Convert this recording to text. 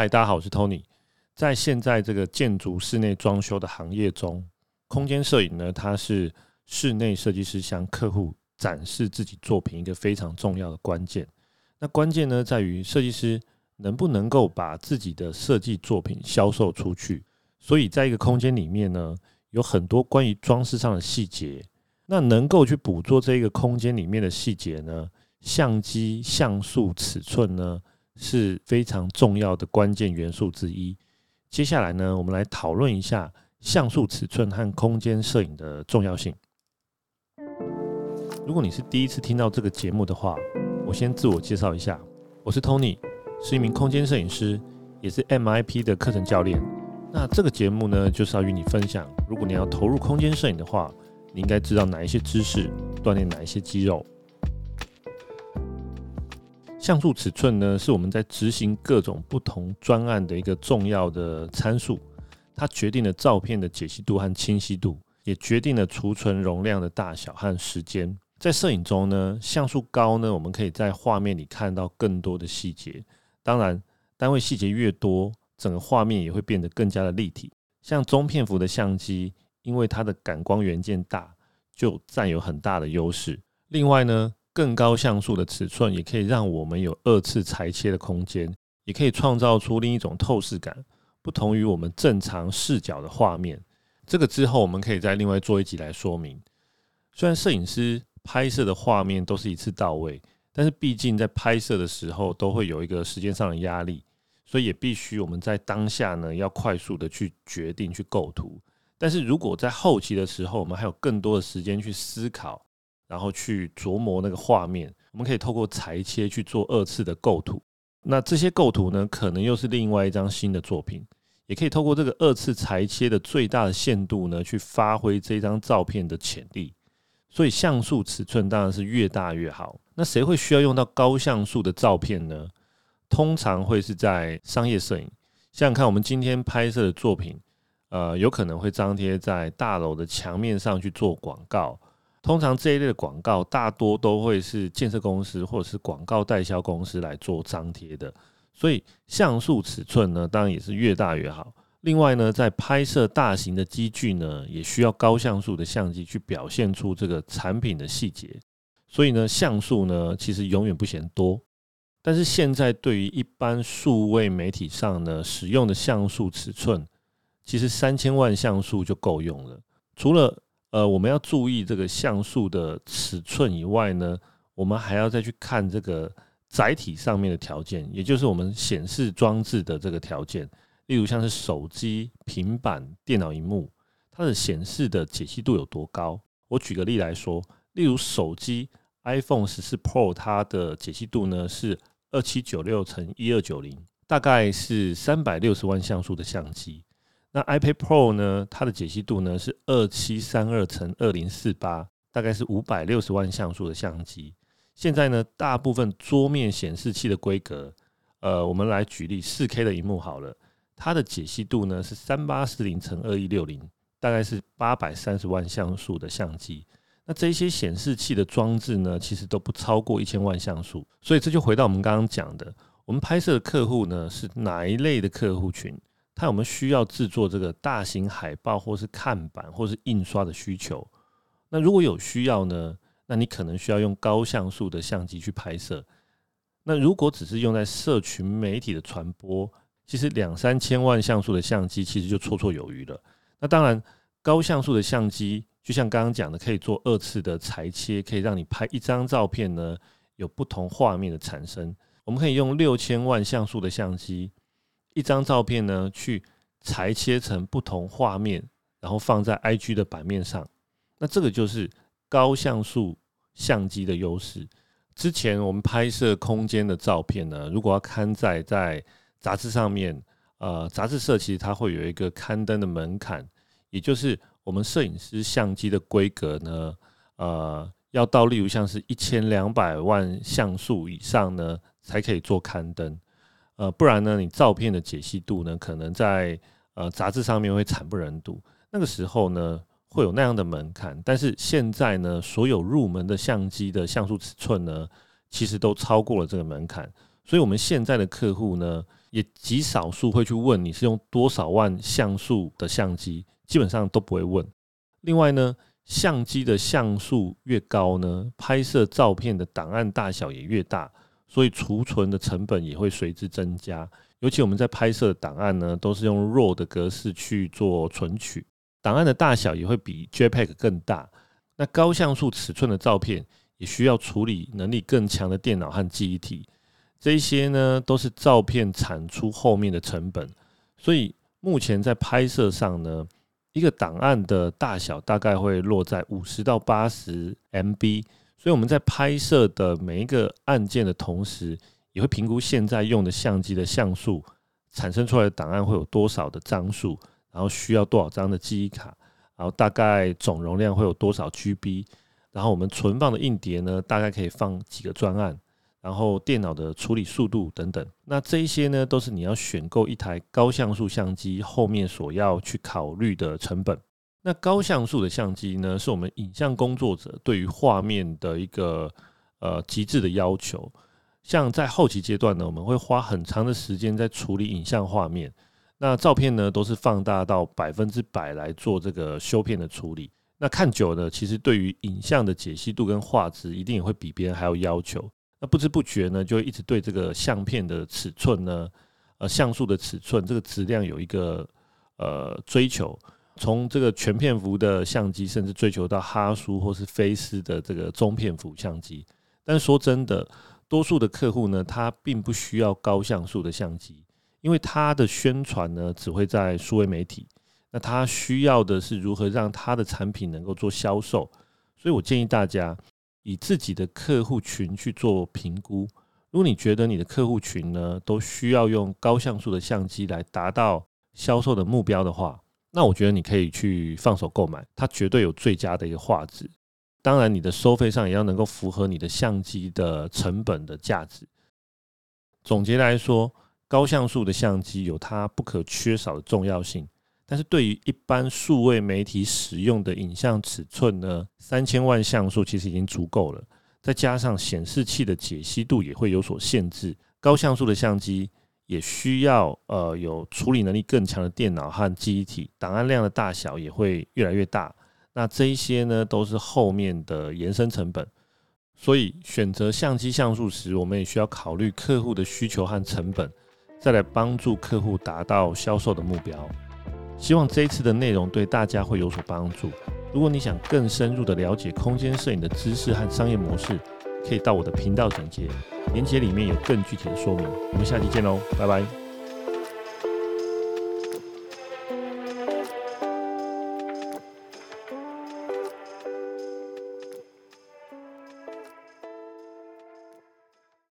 嗨，Hi, 大家好，我是 Tony。在現在這個建築室內裝修的行業中，空間攝影呢，它是室內設計師向客戶展示自己作品一個非常重要的關鍵。那關鍵呢，在於設計師能不能夠把自己的設計作品銷售出去。所以，在一個空間裡面呢，有很多關於裝飾上的細節。那能夠去捕捉這個空間裡面的細節呢，相機像素、尺寸呢，是非常重要的關鍵元素之一。接下來呢，我們來討論一下像素尺寸和空間攝影的重要性。如果你是第一次聽到這個節目的話，我先自我介紹一下，我是 Tony，是一名空間攝影師，也是 MIP 的課程教練。那這個節目呢，就是要與你分享，如果你要投入空間攝影的話，你應該知道哪一些知識，鍛鍊哪一些肌肉。像素尺寸呢，是我們在執行各種不同專案的一個重要的參數，它決定了照片的解析度和清晰度，也決定了儲存容量的大小和時間。在攝影中呢，像素高呢，我們可以在畫面裡看到更多的細節。當然，單位細節越多，整個畫面也會變得更加的立體。像中片幅的相機，因為它的感光元件大，就佔有很大的優勢。另外呢，更高像素的尺寸也可以讓我們有二次裁切的空間，也可以創造出另一種透視感，不同於我們正常視角的畫面。這個之後我們可以再另外做一集來說明。雖然攝影師拍攝的畫面都是一次到位，但是畢竟在拍攝的時候都會有一個時間上的壓力，所以也必須我們在當下呢要快速的去決定去構圖。但是如果在後期的時候，我們還有更多的時間去思考。然後去琢磨那個畫面，我們可以透過裁切去做二次的構圖。那這些構圖呢，可能又是另外一張新的作品。也可以透過這個二次裁切的最大的限度呢，去發揮這張照片的潛力。所以像素尺寸當然是越大越好。那誰會需要用到高像素的照片呢？通常會是在商業攝影。想想看，我們今天拍攝的作品，呃，有可能會張貼在大樓的牆面上去做廣告。通常這一類的廣告大多都會是建設公司或者是廣告代銷公司來做張貼的，所以像素尺寸呢，當然也是越大越好。另外呢，在拍攝大型的機具呢，也需要高像素的相機去表現出這個產品的細節。所以呢，像素呢，其實永遠不嫌多。但是現在對於一般數位媒體上呢，使用的像素尺寸，其實三千萬像素就夠用了。除了呃，我們要注意這個像素的尺寸以外呢，我們還要再去看這個載體上面的條件，也就是我們顯示裝置的這個條件。例如像是手機、平板、電腦熒幕，它的顯示的解析度有多高？我舉個例來說，例如手機 iPhone 十四 Pro，它的解析度呢是二七九六乘一二九零，大概是三百六十萬像素的相機。那 iPad Pro 呢，它的解析度呢是二七三二乘二零四八，48, 大概是五百六十萬像素的相機。現在呢，大部分桌面顯示器的規格，呃，我們來舉例四 K 的熒幕好了，它的解析度呢是三八四零乘二一六零，60, 大概是八百三十萬像素的相機。那這些顯示器的裝置呢，其實都不超過一千萬像素。所以這就回到我們剛剛講的，我們拍攝的客戶呢是哪一類的客戶群？看我們有沒有需要製作這個大型海報，或是看板，或是印刷的需求。那如果有需要呢？那你可能需要用高像素的相機去拍攝。那如果只是用在社群媒體的傳播，其實兩三千萬像素的相機其實就綽綽有餘了。那當然，高像素的相機，就像剛剛講的，可以做二次的裁切，可以讓你拍一張照片呢，有不同畫面的產生。我們可以用六千萬像素的相機。一張照片呢，去裁切成不同畫面，然後放在 IG 的版面上。那這個就是高像素相機的優勢。之前我們拍攝空間的照片呢，如果要刊載在，在雜誌上面，呃，雜誌社其實它會有一個刊登的門檻，也就是我們攝影師相機的規格呢，呃，要到例如像是一千兩百萬像素以上呢，才可以做刊登。呃，不然呢，你照片的解析度呢，可能在呃雜誌上面會慘不忍睹。那個時候呢，會有那樣的門檻。但是現在呢，所有入門的相機的像素尺寸呢，其實都超過了這個門檻。所以我們現在的客戶呢，也極少數會去問你是用多少萬像素的相機，基本上都不會問。另外呢，相機的像素越高呢，拍攝照片的檔案大小也越大。所以儲存的成本也會隨之增加，尤其我們在拍攝的檔案呢，都是用 RAW 的格式去做存取，檔案的大小也會比 JPEG 更大。那高像素尺寸的照片也需要處理能力更強的電腦和記憶體，這些呢，都是照片產出後面的成本。所以目前在拍攝上呢，一個檔案的大小大概會落在五十到八十 MB。所以我們在拍攝的每一個案件的同時，也會評估現在用的相機的像素產生出來的檔案會有多少的張數，然後需要多少張的記憶卡，然後大概總容量會有多少 GB，然後我們存放的硬碟呢，大概可以放幾個專案，然後電腦的處理速度等等，那這一些呢，都是你要選購一台高像素相機後面所要去考慮的成本。那高像素的相機呢，是我們影像工作者對於畫面的一個呃極致的要求。像在後期階段呢，我們會花很長的時間在處理影像畫面。那照片呢，都是放大到百分之百來做這個修片的處理。那看久了呢，其實對於影像的解析度跟畫質，一定也會比別人還要要求。那不知不覺呢，就會一直對這個相片的尺寸呢，呃，像素的尺寸這個質量有一個呃追求。從這個全片幅的相機，甚至追求到哈蘇或是飛思的這個中片幅相機。但說真的，多數的客戶呢，他並不需要高像素的相機，因為他的宣傳呢，只會在數位媒體。那他需要的是如何讓他的產品能夠做銷售。所以我建議大家以自己的客戶群去做評估。如果你覺得你的客戶群呢，都需要用高像素的相機來達到銷售的目標的話，那我覺得你可以去放手購買，它絕對有最佳的一個畫質。當然，你的收費上也要能夠符合你的相機的成本的價值。總結來說，高像素的相機有它不可缺少的重要性，但是對於一般數位媒體使用的影像尺寸呢，三千萬像素其實已經足夠了。再加上顯示器的解析度也會有所限制，高像素的相機，也需要呃有處理能力更強的電腦和記憶體，檔案量的大小也會越來越大。那這一些呢，都是後面的延伸成本。所以選擇相機像素時，我們也需要考慮客戶的需求和成本，再來幫助客戶達到銷售的目標。希望這一次的內容對大家會有所幫助。如果你想更深入的了解空間攝影的知識和商業模式，可以到我的頻道總結，鏈接裡面有更具體的說明。我們下期見嘍，拜拜。